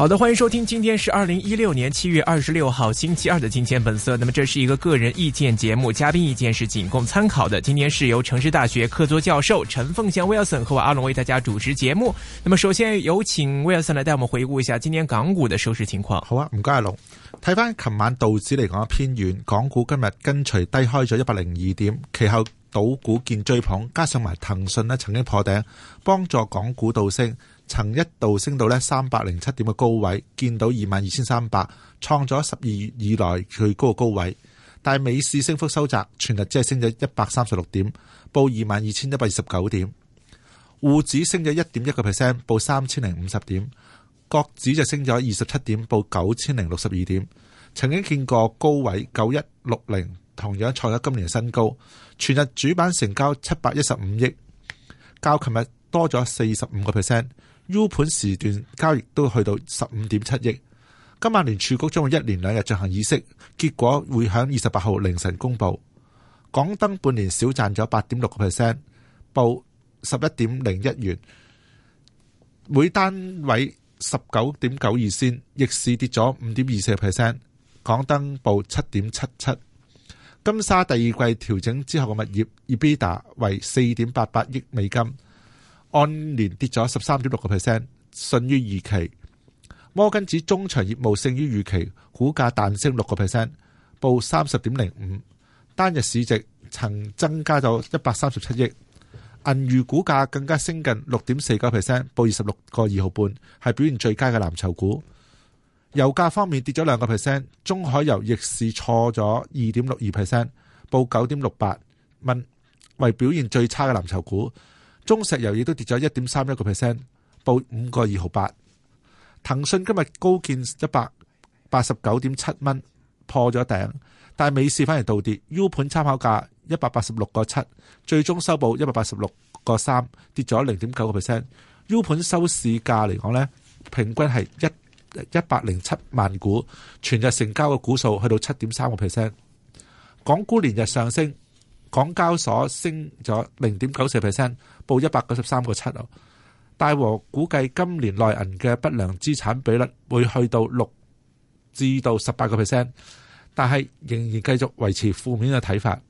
好的，歡迎收聽，今天是二零一六年七月二十六號星期二的《金錢本色》。那麼這是一個個人意見節目，嘉賓意見是僅供參考的。今天是由城市大學客座教授陳鳳祥 Wilson 和我阿龍為大家主持節目。那麼首先有請 Wilson 帶我們回顧一下今天港股的收市情況。好啊，唔該阿龍。睇翻琴晚道指嚟講偏軟，港股今日跟隨低開咗一百零二點，其後賭股見追捧，加上埋騰訊呢曾經破頂，幫助港股道升。曾一度升到咧三百零七點嘅高位，見到二萬二千三百，創咗十二月以來最高嘅高位。但美市升幅收窄，全日只係升咗一百三十六點，報二萬二千一百二十九點。滬指升咗一點一個 percent，報三千零五十點。國指就升咗二十七點，報九千零六十二點。曾經見過高位九一六零，同樣創咗今年嘅新高。全日主板成交七百一十五億，較琴日多咗四十五個 percent。U 盤時段交易都去到十五點七億。今晚聯儲局將會一連兩日進行議息，結果會喺二十八號凌晨公布。港燈半年少賺咗八點六個 percent，報十一點零一元，每單位十九點九二仙，逆市跌咗五點二四 percent。港燈報七點七七。金沙第二季調整之後嘅物業 EBITDA 為四點八八億美金。按年跌咗十三點六個 percent，遜於預期。摩根指中場業務勝於預期，股價彈升六個 percent，報三十點零五，單日市值曾增加咗一百三十七億。銀娛股價更加升近六點四九 percent，報二十六個二毫半，係表現最佳嘅藍籌股。油價方面跌咗兩個 percent，中海油逆市錯咗二點六二 percent，報九點六八蚊，為表現最差嘅藍籌股。中石油亦都跌咗一點三一個 percent，報五個二毫八。騰訊今日高見一百八十九點七蚊，破咗頂，但美市反而倒跌。U 盤參考價一百八十六個七，最終收報一百八十六個三，跌咗零點九個 percent。U 盤收市價嚟講呢，平均係一一百零七萬股，全日成交嘅股數去到七點三個 percent。港股連日上升。港交所升咗零點九四 percent，報一百九十三個七。大和估計今年內銀嘅不良資產比率會去到六至到十八個 percent，但係仍然繼續維持負面嘅睇法。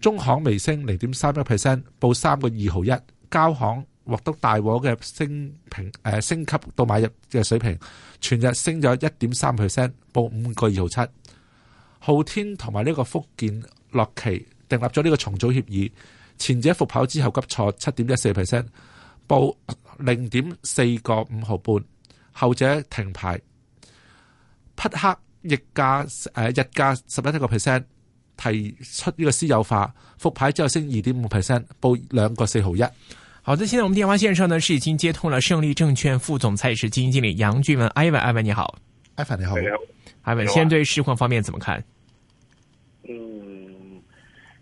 中行微升零點三一 percent，報三個二毫一。交行獲得大和嘅升評誒、啊、升級到買入嘅水平，全日升咗一點三 percent，報五個二毫七。昊天同埋呢個福建落奇。成立咗呢個重組協議，前者復牌之後急挫七點一四 percent，報零點四個五毫半；後者停牌，匹克溢價誒溢價十一一個 percent，提出呢個私有化，復牌之後升二點五 percent，報兩個四毫一。好的，現在我們電話綫上呢是已經接通了勝利證券副總裁也是基金經理楊俊文，Ivan 你好，Ivan 你好，Ivan 先對市況方面怎麼看？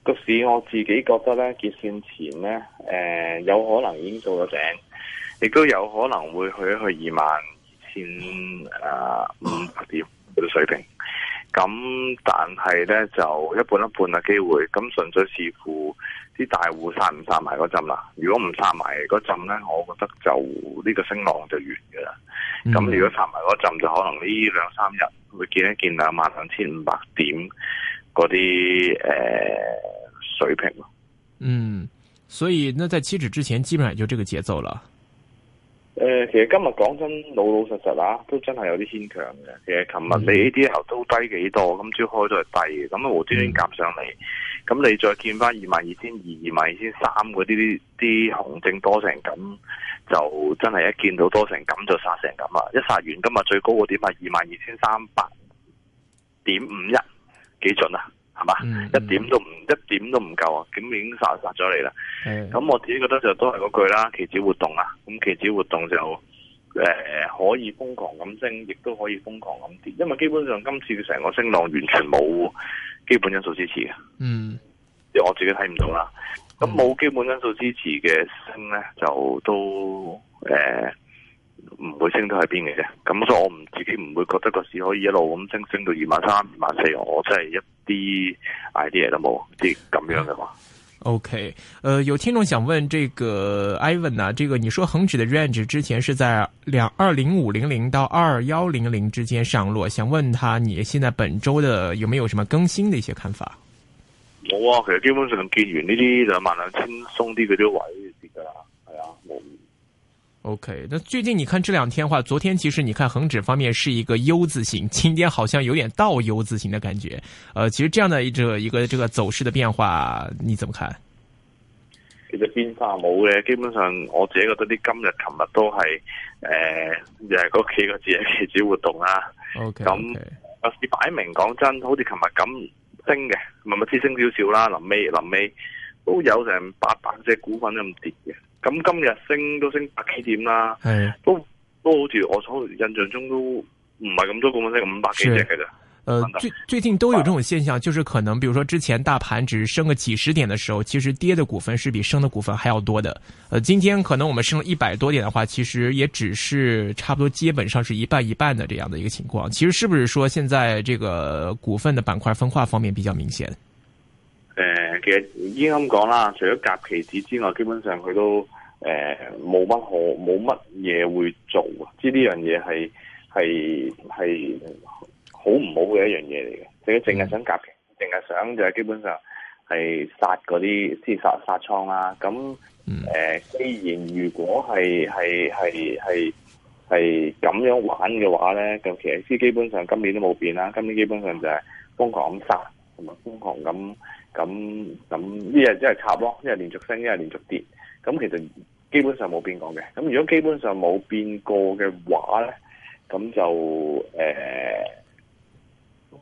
個市我自己覺得咧，結算前咧，誒、呃，有可能已經做咗頂，亦都有可能會去一去二萬二千誒、啊、五百點嘅水平。咁但係咧就一半一半嘅機會。咁純粹視乎啲大戶散唔散埋嗰陣啦？如果唔散埋嗰陣咧，我覺得就呢、這個升浪就完㗎啦。咁如果散埋嗰陣，就可能呢兩三日會見一見兩萬兩千五百點。嗰啲誒水平咯，嗯，所以那在期指之前，基本上就這個節奏啦。誒、呃，其實今日講真，老老實實啊，都真係有啲牽強嘅。其實琴日你呢啲頭都低幾多，咁、嗯、朝開都係低嘅，咁啊無端端夾上嚟，咁、嗯、你再見返二萬二千二、二萬二千三嗰啲啲啲紅證多成咁，就真係一見到多成咁就殺成咁啊！一殺完今日最高個點係二萬二千三百點五一。幾準啊，係嘛、嗯嗯？一點都唔，一點都唔夠啊！點已經殺殺咗你啦？咁我自己覺得就都係嗰句啦，期指活動啊，咁期指活動就誒、呃、可以瘋狂咁升，亦都可以瘋狂咁跌，因為基本上今次嘅成個升浪完全冇基本因素支持嘅，即、嗯、我自己睇唔到啦。咁冇基本因素支持嘅升呢，就都誒。呃唔會升到喺邊嘅啫，咁所以我唔自己唔會覺得個市可以一路咁升升到二萬三、二萬四，我真係一啲 idea 都冇，即係咁樣嘅話。OK，誒、呃，有聽眾想問這個 Ivan 啊，這個你說恒指的 range 之前是在兩二零五零零到二幺零零之間上落，想問他你現在本周的有沒有什麼更新的一些看法？冇啊，其實基本上見完呢啲兩萬兩千鬆啲嗰啲位啲噶啦，係啊，冇、哎。O K，那最近你看這兩天的話，昨天其實你看恒指方面是一個 U 字形，今天好像有點倒 U 字形的感覺。呃，其實這樣的一隻一個這個走勢的變化，你怎麼看？其實變化冇嘅，基本上我自己覺得啲今日、琴日都係誒、呃，又係嗰幾個字嘅自主活動啦、啊。O K，咁，好似擺明講真，好似琴日咁升嘅，唔係咪先升少少啦？臨尾臨尾都有成八百隻股份咁跌嘅。咁今日升都升百幾點啦是，都都好似我所印象中都唔係咁多股份升五百幾隻嘅啫。誒，最、呃嗯、最近都有這種現象，就是可能，比如說之前大盤只升個幾十點嘅時候，其實跌的股份是比升的股份還要多的。誒、呃，今天可能我們升咗一百多點的話，其實也只是差不多基本上是一半一半的這樣的一個情況。其實是不是說現在這個股份的板塊分化方面比較明顯？誒、呃，其實已經咁講啦，除咗夾期指之外，基本上佢都。誒，冇乜可，冇乜嘢會做啊！知呢樣嘢係係係好唔好嘅一樣嘢嚟嘅。佢淨係想夾，淨係想就係基本上係殺嗰啲，先殺殺殺倉啦。咁誒、啊呃，既然如果係係係係係咁樣玩嘅話咧，就其實先基本上今年都冇變啦。今年基本上就係瘋狂咁殺，同埋瘋狂咁咁咁呢日即係插咯，一係連續升，一係連續跌。咁其實基本上冇變過嘅，咁如果基本上冇變過嘅話咧，咁就誒、欸、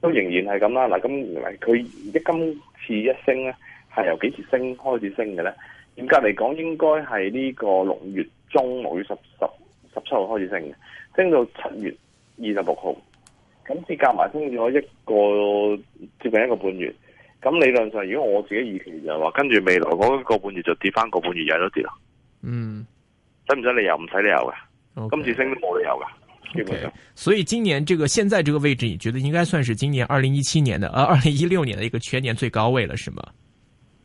都仍然係咁啦。嗱，咁唔佢一今次一升咧，係由幾時升開始升嘅咧？嚴格嚟講，應該係呢個六月中六月十十十七號開始升嘅，升到七月二十六號，咁至夾埋升咗一個接近一個半月。咁理論上，如果我自己預期就話，跟住未來嗰個半月就跌翻個半月又係多跌咯。嗯，使唔使理由？唔使理由㗎。Okay, 今次升都冇理由噶。Okay, 所以，今年這個現在這個位置，你覺得應該算是今年二零一七年的，啊，二零一六年的一個全年最高位了，是嗎？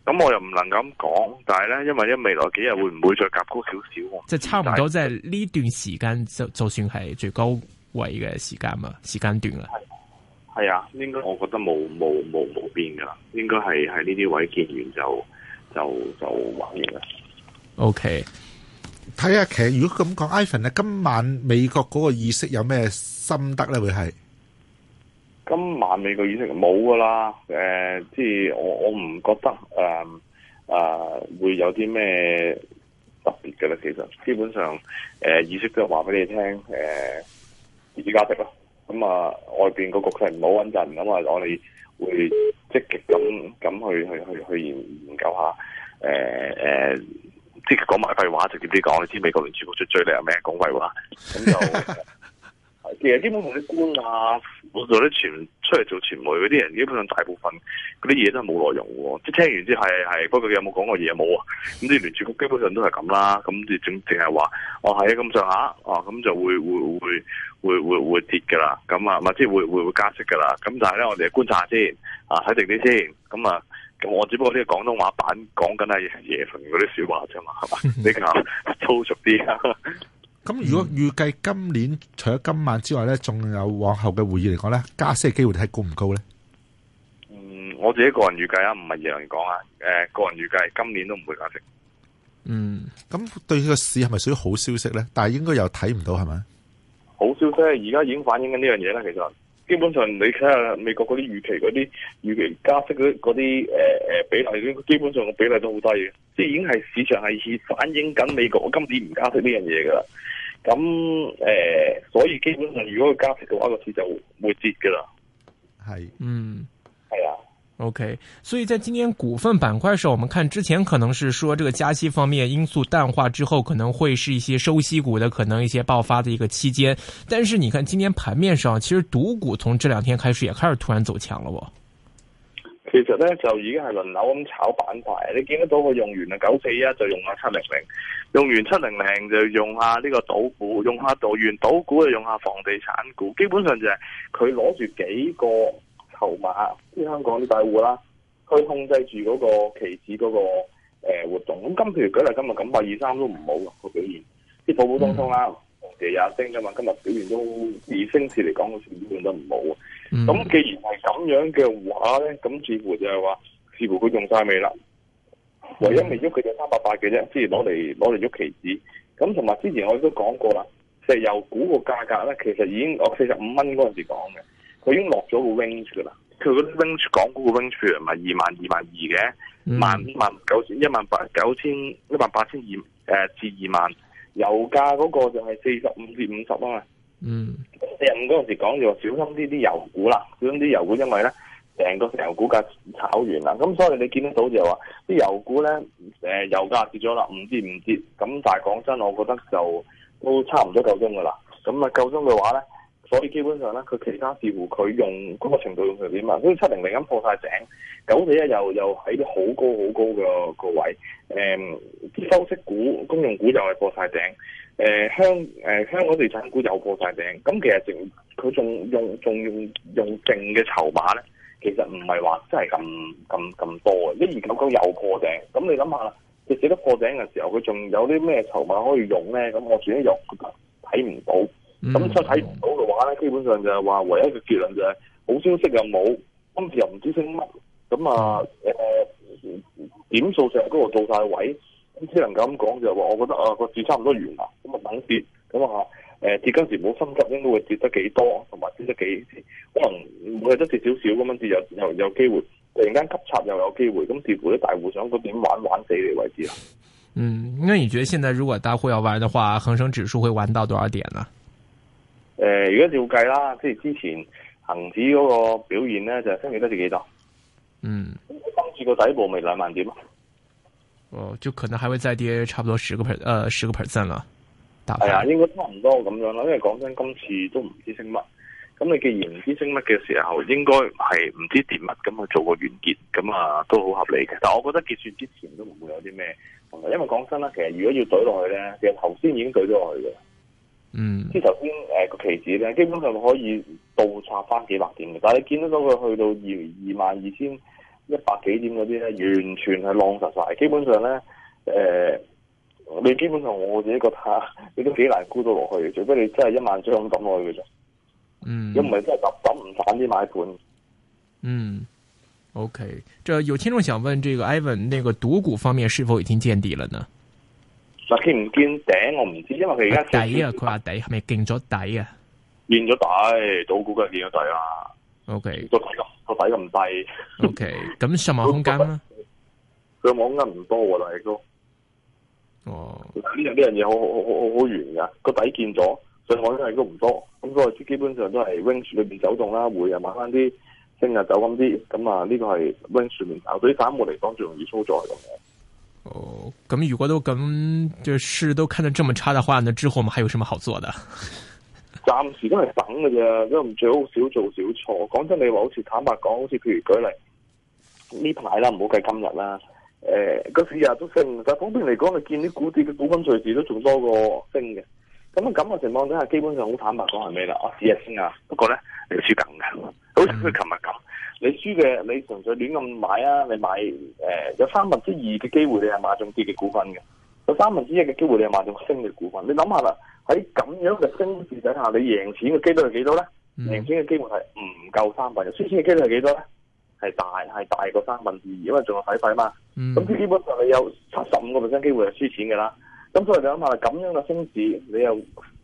咁我又唔能咁講，但係咧，因為咧未來幾日會唔會再夾高少少？即係差唔多，即係呢段時間就就算係最高位嘅時間嘛，時間段啊。係啊，應該我覺得冇冇冇冇變噶啦，應該係喺呢啲位見完就就就玩完啦。OK，睇下其實如果咁講，Ivan 咧，今晚美國嗰個意識有咩心得咧？會係今晚美國意識冇噶啦，誒、呃，即係我我唔覺得誒誒、呃呃、會有啲咩特別嘅啦。其實基本上誒、呃、意識都話俾你聽，誒、呃，己家值咯。咁啊，外邊個局勢唔好穩陣，咁啊我哋會積極咁咁去去去去研研究下，誒、呃、誒，即係講埋廢話，直接啲講，你知美國聯儲局最最叻有咩？講廢話，咁就。 其實基本上啲官啊，我做啲傳出嚟做傳媒嗰啲人，基本上大部分嗰啲嘢都係冇內容嘅，即係聽完之後係係，不過佢有冇講過嘢冇啊？咁啲聯儲局基本上都係咁啦，咁即係淨淨係話，哦係咁上下，哦咁、啊、就會會會會會會跌噶啦，咁啊，咪即會會會加息噶啦，咁但係咧我哋觀察下先，啊睇定啲先，咁啊，咁我只不過啲廣東話版講緊係夜巡嗰啲說話啫嘛，係嘛，比較粗俗啲。咁如果預計今年除咗今晚之外咧，仲有往後嘅會議嚟講咧，加息嘅機會睇高唔高咧？嗯，我自己個人預計啊，唔係二人講啊。誒、呃，個人預計今年都唔會加息。嗯，咁對個市係咪屬於好消息咧？但係應該又睇唔到係咪？好消息，而家已經反映緊呢樣嘢啦。其實基本上你睇下美國嗰啲預期、嗰啲預期加息嗰啲誒誒比例，基本上個比例都好低嘅，即係已經係市場係反映緊美國今年唔加息呢樣嘢噶啦。咁、呃、所以基本上如果佢加息嘅話，個市就會跌㗎啦。係，嗯，係啊。OK，所以在今年股份板塊上，我們看之前可能是說這個加息方面因素淡化之後，可能會是一些收息股的可能一些爆發的一個期間。但是你看今年盤面上，其實賭股從這兩天開始也開始突然走強了喎。其實咧就已經係輪流咁炒板塊，你見得到佢用完啊九四一就用下七零零，用完七零零就用下呢個賭股，用下賭完賭股就用下房地產股，基本上就係佢攞住幾個籌碼，啲香港啲大戶啦，去控制住嗰個期指嗰個誒、呃、活動。咁譬如舉例今日八二三都唔好嘅個表現，即普普通通啦，地也升嘅嘛，今日表現都以升市嚟講，個市都做得唔好咁、嗯、既然係咁樣嘅話咧，咁似乎就係、是、話，似乎佢用晒未啦。唯一未喐佢就三百八嘅啫，之前攞嚟攞嚟喐期指。咁同埋之前我亦都講過啦，石油股個價格咧，其實已經我四十五蚊嗰陣時講嘅，佢已經落咗個 range 噶啦。佢嗰啲 range 港股個 range 係咪二萬二萬二嘅？萬五萬九千一萬八九千一萬八千二誒至二萬。油價嗰個就係四十五至五十啊。嗯，四十五嗰陣時講就話小心啲啲油股啦，小心啲油,油股，因為咧成個石油股價炒完啦，咁所以你見得到就話啲油股咧，誒油價跌咗啦，唔跌唔跌，咁但係講真，我覺得就都差唔多夠鐘噶啦，咁啊夠鐘嘅話咧，所以基本上咧，佢其他似乎佢用嗰個程度用佢掂啊，好似七零零咁破晒頂，九四一又又喺啲好高好高嘅個位，誒、嗯，啲收息股、公用股又係破晒頂。誒、呃，香誒、呃，香港地產股又破曬頂，咁其實淨佢仲用仲用用剩嘅籌碼咧，其實唔係話真係咁咁咁多嘅，一二九九又破頂，咁你諗下，佢只得破頂嘅時候，佢仲有啲咩籌碼可以用咧？咁我自己又睇唔到，咁出睇唔到嘅話咧，基本上就係話唯一嘅結論就係、是，好消息又冇，今次又唔知升乜，咁啊誒、呃、點數上嗰度到晒位。咁只能咁講就話，我覺得啊個市差唔多完啦，咁啊等跌，咁話誒，跌嗰時冇心急，應該會跌得幾多，同埋跌得幾，可能每日都跌少少咁樣跌，有有有機會突然間急插又有機會，咁似乎啲大戶想佢點玩玩死你為止啦。嗯，咁啊，你覺得現在如果大戶要玩的話，恒生指數會玩到多少點啊？誒，如果照計啦，即係之前恒指嗰個表現咧，就升別多咗幾多？嗯，當住個底部咪兩萬點、啊嗯哦，就可能還會再跌，差不多十個 percent，呃，十個 percent 啦。係啊，應該差唔多咁樣啦。因為講真，今次都唔知升乜，咁你既然唔知升乜嘅時候，應該係唔知跌乜咁去做個完結，咁啊都好合理嘅。但係我覺得結算之前都唔會有啲咩，因為講真啦，其實如果要懟落去咧，其實頭先已經懟咗落去嘅。嗯，即係頭先誒個期指咧，基本上可以倒插翻幾百點嘅，但係你見得到佢去到二二萬二千。一百幾點嗰啲咧，完全係浪實晒，基本上咧，誒、呃，你基本上我自己覺得、啊、你都幾難沽到落去，除非你真係一萬張咁落去嘅啫。嗯。因為真係特等唔賺啲買盤。嗯。O K，就有聽眾想問，這個 Ivan，那個賭股方面是否已經見底了呢？嗱、啊，佢唔見頂，我唔知，因為佢而家底啊，佢話底，係咪見咗底啊？見咗底，賭股嘅見咗底啊！O K，個底咁個底咁低。O K，咁上網空間呢？上網啱唔多嚟都。哦，呢樣呢樣嘢好好好好好噶，個底見咗，上網都係都唔多，咁所以基本上都係 wind 裏邊走動啦，會啊慢翻啲升日走咁啲，咁啊呢個係 wind 裏面走，對散戶嚟講最容易操作嘅。哦，咁如果都咁就事、是、都看得這麼差的話，那之後我們還有什麼好做的？暫時都係等嘅啫，都唔最好少做少錯。講真說，你話好似坦白講，好似譬如舉例呢排啦，唔好計今日啦。誒、呃，個市日日都升，但普遍嚟講，你見啲股跌嘅股份隨時都仲多過升嘅。咁啊，咁嘅情況底下，基本上好坦白講係咩啦？我日日升啊！不過咧，你輸緊嘅。好似佢琴日咁，你輸嘅，你純粹亂咁買啊！你買誒、呃、有三分之二嘅機會你係買中跌嘅股份嘅，有三分之一嘅機會你係買中升嘅股份。你諗下啦～喺咁樣嘅升市底下，你贏錢嘅機、mm. 會係幾多咧？贏錢嘅機會係唔夠三分，輸錢嘅機會係幾多咧？係大係大過三分之二，因為仲有使費嘛。咁、mm. 基本上你有七十五個 percent 機會係輸錢嘅啦。咁所以你諗下，咁樣嘅升市，你又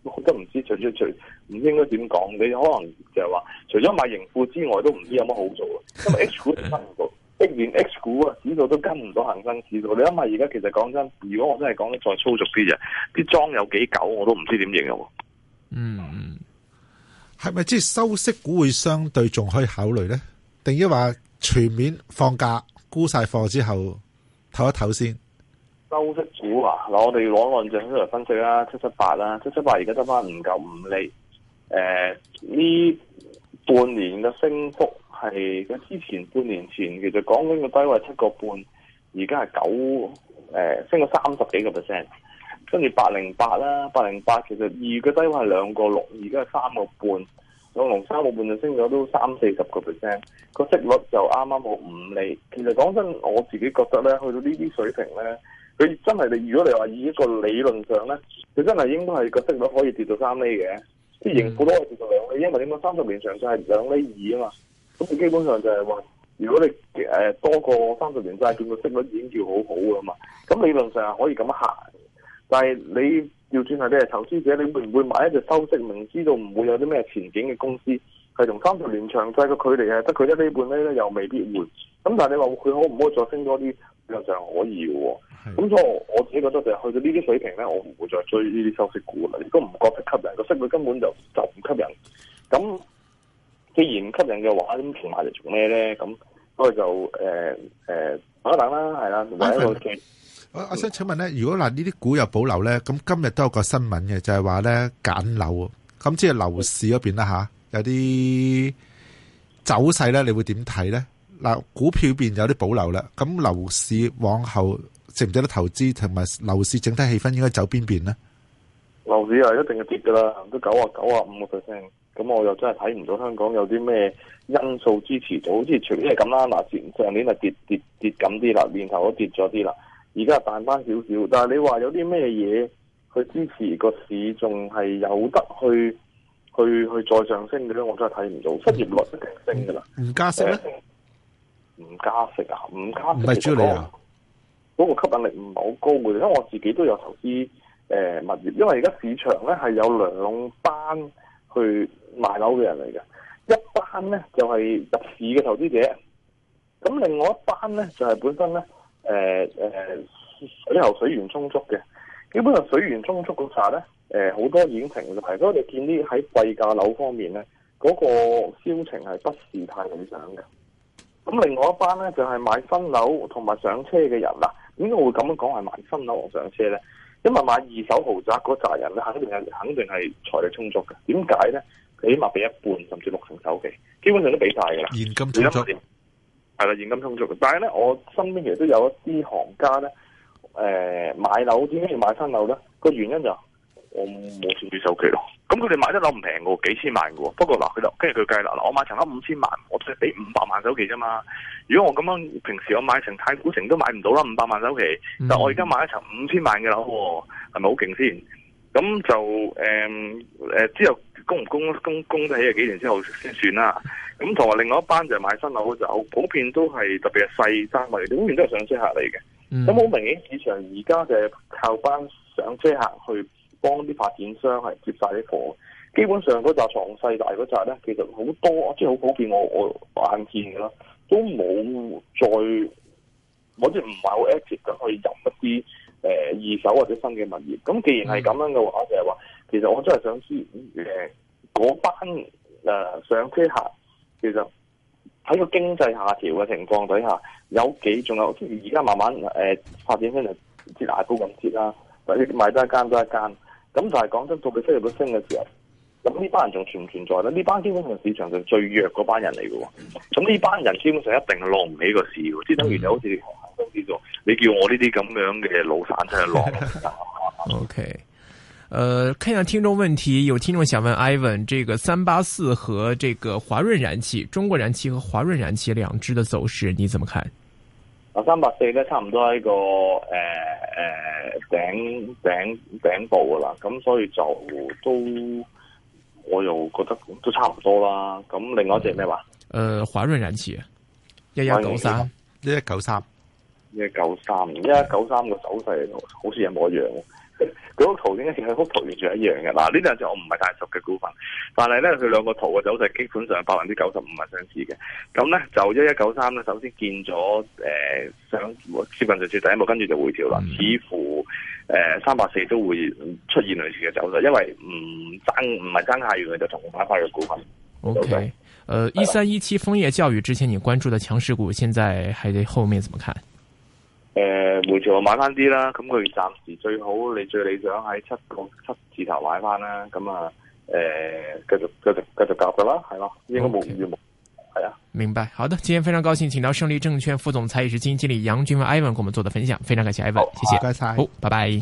我都唔知，除咗除，唔知應該點講？你可能就係話，除咗買盈富之外，都唔知有乜好做。因為 H 股唔 A 聯 X 股啊，指數都跟唔到恒生指數。你諗下，而家其實講真，如果我真係講得再粗俗啲嘅，啲莊有幾久我都唔知點形容。嗯，係咪即係收息股會相對仲可以考慮呢？定一話全面放假沽晒貨之後，唞一唞先。收息股啊，嗱，我哋攞按正出嚟分析啦，七七八啦，七七八而家得翻唔夠五厘。誒、呃，呢半年嘅升幅。係佢之前半年前，其實講緊、呃、個,個低位係七個半，而家係九，誒升咗三十幾個 percent。跟住八零八啦，八零八其實二嘅低位係兩個六，而家係三個半，兩龍三個半就升咗都三四十個 percent。個息率就啱啱好五厘。其實講真，我自己覺得咧，去到呢啲水平咧，佢真係你如果你話以一個理論上咧，佢真係應該係個息率可以跌到三厘嘅，即係盈富都可以跌到兩厘，因為點講，三十年上就係兩厘二啊嘛。咁你基本上就係話，如果你誒多過三十年債券嘅息率已經叫好好㗎嘛，咁理論上係可以咁行。但係你要算係你係投資者，你會唔會買一隻收息明知道唔會有啲咩前景嘅公司，係同三十年長債嘅距離誒，得佢一呢半咧，又未必換。咁但係你話佢可唔可以再升多啲？理論上可以喎。咁所以我我自己覺得就係去到呢啲水平咧，我唔會再追呢啲收息股啦。如果唔覺得吸引，個息率根本就就唔吸引。咁既然唔吸引嘅話，咁停牌嚟做咩咧？咁，所以就誒誒，等一等啦，係啦。阿、嗯、的我想請問咧，如果嗱呢啲股有保留咧，咁今日都有個新聞嘅，就係話咧揀樓，咁即係樓市嗰邊啦吓，有啲走勢咧，你會點睇咧？嗱，股票邊有啲保留啦，咁樓市往後值唔值得投資，同埋樓市整體氣氛應該走邊邊咧？樓市係一定係跌噶啦，都九啊九啊五個 percent。咁我又真係睇唔到香港有啲咩因素支持，就好似除咗係咁啦。嗱，上上年啊跌跌跌咁啲啦，年頭都跌咗啲啦，而家彈翻少少。但係你話有啲咩嘢去支持個市仲係有得去去去再上升嘅咧？我真係睇唔到。失業率升噶啦，唔、嗯、加息咧？唔、呃、加息啊？唔加唔係主要理由。嗰、啊、個吸引力唔係好高嘅，因為我自己都有投資誒、呃、物業，因為而家市場咧係有兩班去。買樓嘅人嚟嘅，一班咧就係、是、入市嘅投資者，咁另外一班咧就係、是、本身咧，誒、呃、誒，水喉水源充足嘅，基本上水源充足嗰紮咧，誒、呃、好多已經停咗牌，所以你見啲喺貴價樓方面咧，嗰、那個銷情係不是太理想嘅。咁另外一班咧就係、是、買新樓同埋上車嘅人嗱，點解我會咁樣講係買新樓同上車咧？因為買二手豪宅嗰扎人咧肯定係肯定係財力充足嘅，點解咧？起碼俾一半甚至六成首期，基本上都俾晒噶啦。現金充足，係啦，現金充足。但係咧，我身邊其實都有一啲行家咧，誒、呃，買樓點解要買新樓咧？個原因就是、我冇儲住首期咯。咁佢哋買得樓唔平嘅，幾千萬嘅。不過嗱，佢就跟住佢計啦，嗱，我買層樓五千萬，我只俾五百萬首期啫嘛。如果我咁樣平時我買層太古城都買唔到啦，五百萬首期，嗯、但我而家買一層五千萬嘅樓，係咪好勁先？咁就誒誒、嗯、之後供唔供供供得起幾年之後先算啦。咁同埋另外一班就買新樓就普遍都係特別係細單位，普遍都係上車客嚟嘅。咁好、嗯、明顯市場而家就靠班上車客去幫啲發展商係接晒啲貨。基本上嗰扎床細大嗰扎咧，其實好多即係好普遍我，我我眼見嘅啦，都冇再，我哋唔係好 active 去入一啲。誒，二手或者新嘅物業，咁既然係咁樣嘅話，我就係話，其實我真係想知道，誒，嗰班誒上車客，其實喺個經濟下調嘅情況底下，有幾仲有，即係而家慢慢誒、呃，發展商就跌牙膏咁跌啦，或者買多一間多一間，咁就係講真，到佢收入都升嘅時候，咁呢班人仲存唔存在咧？呢班基本上市場上最弱嗰班人嚟喎。咁呢班人基本上一定係落唔起個市嘅，即、嗯、等於就好似。你叫我呢啲咁樣嘅老散出去攞。OK，誒，看下聽眾問題，有聽眾想問 Ivan，這個三八四和這個華潤燃氣、中國燃氣和華潤燃氣兩支嘅走勢，你怎麼看？啊、呃，三八四咧，差唔多喺個誒誒頂頂頂部噶啦，咁所以就都我又覺得都差唔多啦。咁另外一隻咩話？誒、嗯呃，華潤燃氣一一九三，一一九三。一九三，一九三嘅走勢好似一模一樣。佢個圖點解成幅圖完全一樣嘅？嗱，呢兩隻我唔係大熟嘅股份，但係咧佢兩個圖嘅走勢基本上百分之九十五係相似嘅。咁咧就一一九三咧，首先見咗誒、呃、上接近上住第一幕，跟住就回調啦。似乎誒、呃、三百四都會出現類似嘅走勢，因為唔爭唔係爭下完佢就同我買翻個股份。OK，誒，一三一七楓葉教育之前你關注嘅強勢股，現在喺後面怎麼看？誒，呃、梅潮回調買翻啲啦，咁、嗯、佢暫時最好，你最理想喺七個七字頭買翻啦，咁、嗯、啊，誒、呃，繼續繼續繼續夾噶啦，係咯，應該冇預冇，係啊 Okay.、嗯。明白，好的，今天非常高興，請到勝利證券副總裁也是基金經理楊俊文 Ivan 給我們做的分享，非常感謝 Ivan，好謝謝，謝謝好，bye bye 拜拜。